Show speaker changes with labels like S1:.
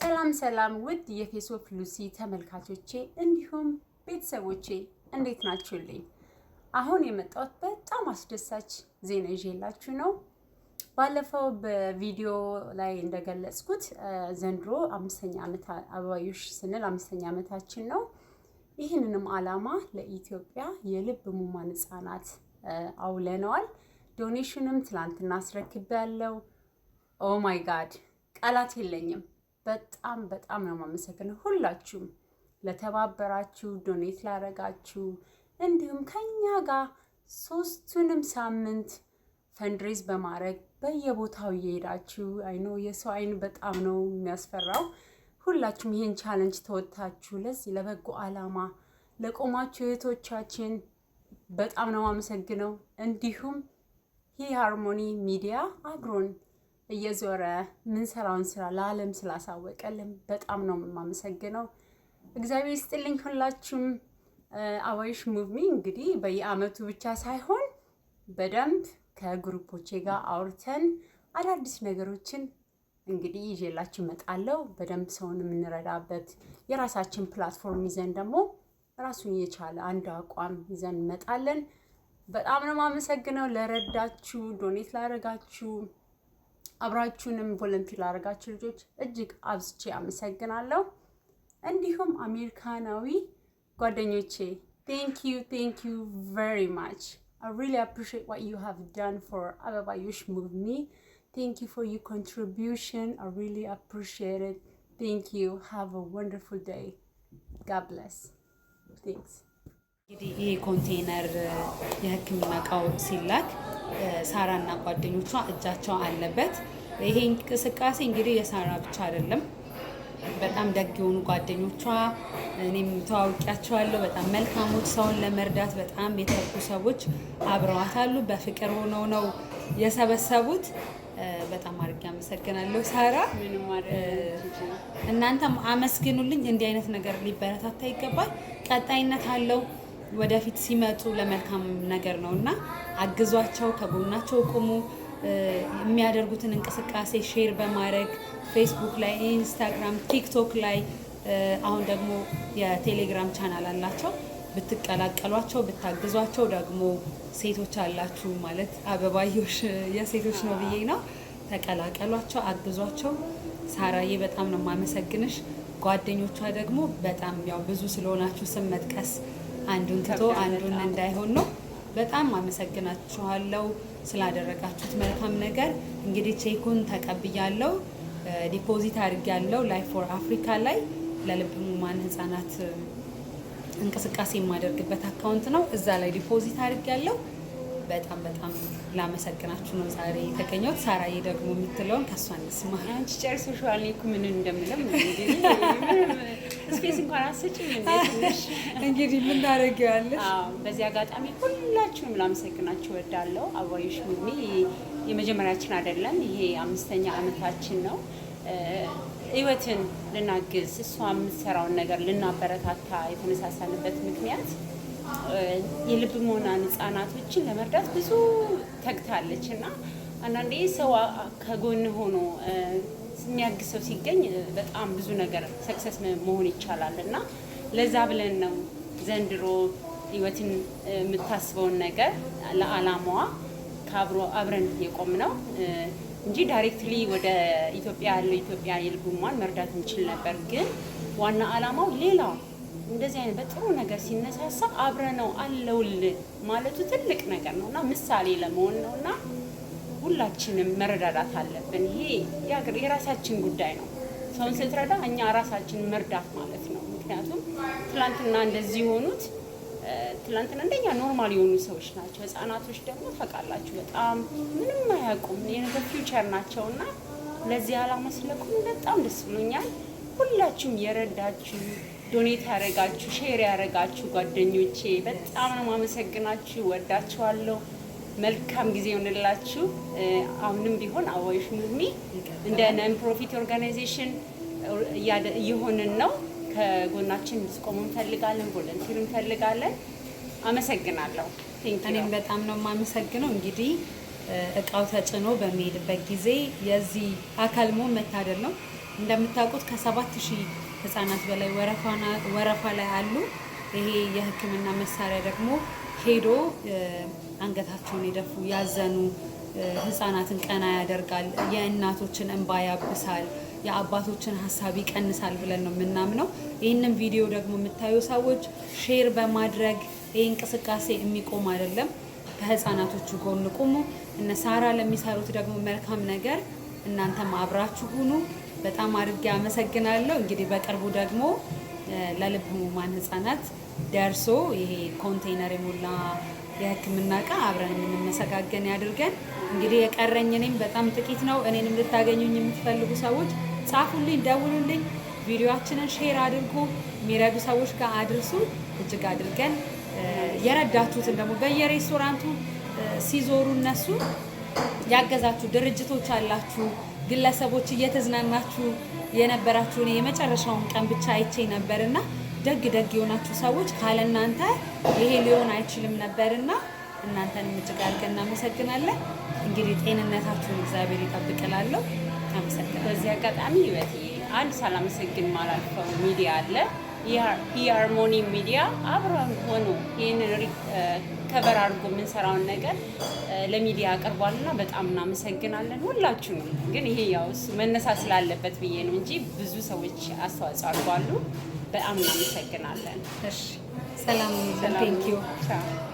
S1: ሰላም ሰላም ውድ የፌሶፍ ሉሲ ተመልካቾቼ እንዲሁም ቤተሰቦቼ እንዴት ናችሁልኝ? አሁን የመጣሁት በጣም አስደሳች ዜና ይዤላችሁ ነው። ባለፈው በቪዲዮ ላይ እንደገለጽኩት ዘንድሮ አምስተኛ ዓመት አበባዮሽ ስንል አምስተኛ ዓመታችን ነው። ይህንንም ዓላማ ለኢትዮጵያ የልብ ሙማን ህጻናት አውለነዋል። ዶኔሽንም ትላንትና አስረክቤያለሁ። ኦ ማይ ጋድ ቃላት የለኝም። በጣም በጣም ነው የማመሰግነው። ሁላችሁም ለተባበራችሁ፣ ዶኔት ላረጋችሁ እንዲሁም ከኛ ጋር ሶስቱንም ሳምንት ፈንድሬዝ በማድረግ በየቦታው እየሄዳችሁ አይኖ የሰው አይን በጣም ነው የሚያስፈራው። ሁላችሁም ይህን ቻለንጅ ተወጥታችሁ ለዚህ ለበጎ አላማ ለቆማችሁ እህቶቻችን በጣም ነው አመሰግነው። እንዲሁም ይህ ሃርሞኒ ሚዲያ አብሮን እየዞረ ምን ሰራውን ስራ ለዓለም ስላሳወቀልን በጣም ነው የማመሰግነው። እግዚአብሔር ይስጥልኝ ሁላችሁም። አዋይሽ ሙቪ እንግዲህ በየአመቱ ብቻ ሳይሆን በደንብ ከግሩፖቼ ጋር አውርተን አዳዲስ ነገሮችን እንግዲህ ይዤላችሁ እመጣለሁ። በደንብ ሰውን የምንረዳበት የራሳችን ፕላትፎርም ይዘን ደግሞ ራሱን የቻለ አንድ አቋም ይዘን እንመጣለን። በጣም ነው የማመሰግነው ለረዳችሁ፣ ዶኔት ላደረጋችሁ አብራችሁንም ቮለንቲር ላደረጋችሁ ልጆች እጅግ አብዝቼ አመሰግናለሁ። እንዲሁም አሜሪካናዊ ጓደኞቼ ቴንክ ዩ ቴንክ ዩ ቨሪ ማች አይ ሪሊ አፕሪሺየት ዋት ዩ ሃቭ ዳን ፎር አበባዮሽ ሙቭ ሚ ቴንክ ዩ ፎር ዩ ኮንትሪቢዩሽን አይ ሪሊ አፕሪሺየት ኢት ቴንክ ዩ ሃቭ አ ወንደርፉል ዴይ ጋድ ብለስ ቴንክስ።
S2: እንግዲህ ይህ ኮንቴነር የህክምና እቃው ሲላክ ሳራና ጓደኞቿ እጃቸው አለበት። ይሄ እንቅስቃሴ እንግዲህ የሳራ ብቻ አይደለም። በጣም ደግ የሆኑ ጓደኞቿ እኔም ተዋውቂያቸዋለሁ። በጣም መልካሞች፣ ሰውን ለመርዳት በጣም የተጉ ሰዎች አብረዋት አሉ። በፍቅር ሆነው ነው የሰበሰቡት። በጣም አድርጌ አመሰግናለሁ ሳራ። እናንተም አመስግኑልኝ። እንዲህ አይነት ነገር ሊበረታታ ይገባል። ቀጣይነት አለው። ወደፊት ሲመጡ ለመልካም ነገር ነው እና አግዟቸው፣ ከጎናቸው ቁሙ። የሚያደርጉትን እንቅስቃሴ ሼር በማድረግ ፌስቡክ ላይ፣ ኢንስታግራም፣ ቲክቶክ ላይ አሁን ደግሞ የቴሌግራም ቻናል አላቸው። ብትቀላቀሏቸው ብታግዟቸው፣ ደግሞ ሴቶች አላችሁ ማለት አበባዮሽ የሴቶች ነው ብዬ ነው። ተቀላቀሏቸው፣ አግዟቸው። ሳራዬ በጣም ነው የማመሰግንሽ። ጓደኞቿ ደግሞ በጣም ያው ብዙ ስለሆናችሁ ስም መጥቀስ አንዱን ትቶ አንዱን እንዳይሆን ነው። በጣም አመሰግናችኋለሁ ስላደረጋችሁት መልካም ነገር። እንግዲህ ቼኩን ተቀብያለሁ፣ ዲፖዚት ያለው ላይፍ ፎር አፍሪካ ላይ ለልብ ህሙማን ህጻናት እንቅስቃሴ የማደርግበት አካውንት ነው። እዛ ላይ ዲፖዚት ያለው። በጣም በጣም ላመሰግናችሁ ነው ዛሬ የተገኘሁት። ሳራዬ ደግሞ የምትለውን ከእሷ እንስማ።
S3: አንቺ ጨርሰሽዋል። እኔ እኮ ምን እንደምለው ስፔስ እንኳን አስጭ።
S1: እንግዲህ ምን ታደርጊዋለሽ።
S3: በዚህ አጋጣሚ ሁላችሁንም ላመሰግናችሁ እወዳለሁ። አበባዮሽ ሙኒ የመጀመሪያችን አይደለም፣ ይሄ አምስተኛ አመታችን ነው። ህይወትን ልናግዝ እሷ የምትሰራውን ነገር ልናበረታታ የተነሳሳንበት ምክንያት የልብ መሆናን ህጻናቶችን ለመርዳት ብዙ ተግታለች እና አንዳንዴ ሰው ከጎን ሆኖ የሚያግሰው ሲገኝ በጣም ብዙ ነገር ሰክሰስ መሆን ይቻላል እና ለዛ ብለን ነው ዘንድሮ ህይወትን የምታስበውን ነገር ለአላማዋ ከአብሮ አብረን የቆም ነው እንጂ ዳይሬክትሊ ወደ ኢትዮጵያ ያለው ኢትዮጵያ የልብ ህሙማን መርዳት እንችል ነበር። ግን ዋና አላማው ሌላ እንደዚህ አይነት በጥሩ ነገር ሲነሳሳ አብረ ነው አለውል ማለቱ ትልቅ ነገር ነው እና ምሳሌ ለመሆን ነው እና ሁላችንም መረዳዳት አለብን። ይሄ የራሳችን ጉዳይ ነው። ሰውን ስትረዳ እኛ ራሳችን መርዳት ማለት ነው። ምክንያቱም ትላንትና እንደዚህ የሆኑት ትላንትና እንደኛ ኖርማል የሆኑ ሰዎች ናቸው። ህጻናቶች ደግሞ ታውቃላችሁ በጣም ምንም አያውቁም የነገ ፊውቸር ናቸው እና ለዚህ ዓላማ ስለቆሙ በጣም ደስ ብሎኛል። ሁላችሁም የረዳችሁ ዶኔት ያደረጋችሁ ሼር ያደረጋችሁ ጓደኞቼ በጣም ነው ማመሰግናችሁ። ወዳችኋለሁ። መልካም ጊዜ ይሆንላችሁ። አሁንም ቢሆን አዋይሽ ሙሚ እንደ ነን ፕሮፊት ኦርጋናይዜሽን እየሆንን ነው። ከጎናችን እንድትቆሙ እንፈልጋለን። ቮለንቲር እንፈልጋለን። አመሰግናለሁ።
S2: እኔም በጣም ነው የማመሰግነው። እንግዲህ እቃው ተጭኖ በሚሄድበት ጊዜ የዚህ አካል መሆን መታደል ነው። እንደምታውቁት ከሰባት ሺህ ህጻናት በላይ ወረፋ ላይ አሉ። ይሄ የህክምና መሳሪያ ደግሞ ሄዶ አንገታቸውን የደፉ ያዘኑ ህጻናትን ቀና ያደርጋል። የእናቶችን እንባ ያብሳል። የአባቶችን ሀሳብ ይቀንሳል ብለን ነው የምናምነው። ይህንን ቪዲዮ ደግሞ የምታዩ ሰዎች ሼር በማድረግ ይህ እንቅስቃሴ የሚቆም አይደለም። ከህፃናቶቹ ጎን ቁሙ። እነ ሳራ ለሚሰሩት ደግሞ መልካም ነገር እናንተም አብራችሁ ሁኑ። በጣም አድርጌ አመሰግናለሁ። እንግዲህ በቅርቡ ደግሞ ለልብ ህሙማን ህጻናት ደርሶ ይሄ ኮንቴይነር የሞላ የህክምና እቃ አብረን የምንመሰጋገን ያድርገን። እንግዲህ የቀረኝ እኔም በጣም ጥቂት ነው። እኔንም ልታገኙኝ የምትፈልጉ ሰዎች ጻፉልኝ፣ ደውሉልኝ፣ ቪዲዮችንን ሼር አድርጉ፣ የሚረዱ ሰዎች ጋር አድርሱ። እጅግ አድርገን የረዳችሁትን ደግሞ በየሬስቶራንቱ ሲዞሩ እነሱ ያገዛችሁ ድርጅቶች አላችሁ ግለሰቦች እየተዝናናችሁ የነበራችሁን የመጨረሻውን ቀን ብቻ አይቼ ነበርና ደግ ደግ የሆናችሁ ሰዎች ካለ እናንተ ይሄ ሊሆን አይችልም ነበርና እናንተን እጅግ አድርገን እናመሰግናለን። እንግዲህ ጤንነታችሁን እግዚአብሔር ይጠብቅላለሁ። አመሰግናለሁ።
S3: በዚህ አጋጣሚ ህይወት አንድ ሳላመሰግን ማላልፈው ሚዲያ አለ የሃርሞኒ ሚዲያ አብረን ሆኖ ይህንን ከበር አድርጎ የምንሰራውን ነገር ለሚዲያ አቅርቧልና በጣም እናመሰግናለን ሁላችሁ። ግን ይሄ ያው እሱ መነሳት ስላለበት ብዬ ነው እንጂ ብዙ ሰዎች አስተዋጽኦ አድርጓሉ። በጣም እናመሰግናለን።
S1: ሰላም።